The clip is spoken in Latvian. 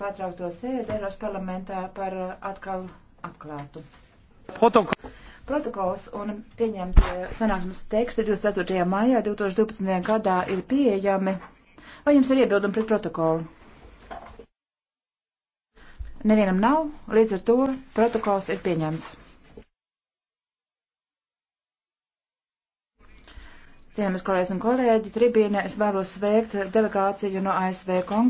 pārtraukto sēdi Eiros parlamentā par uh, atkal atklātu. Protokol. Protokols un pieņemtie sanāksmes teksti 24. maijā 2012. gadā ir pieejami. Vai jums ir iebildumi pret protokolu? Nevienam nav, līdz ar to protokols ir pieņemts. Cienījamies kolēģis un kolēģi, tribīnē es vēlos sveikt delegāciju no ASV Kongresa.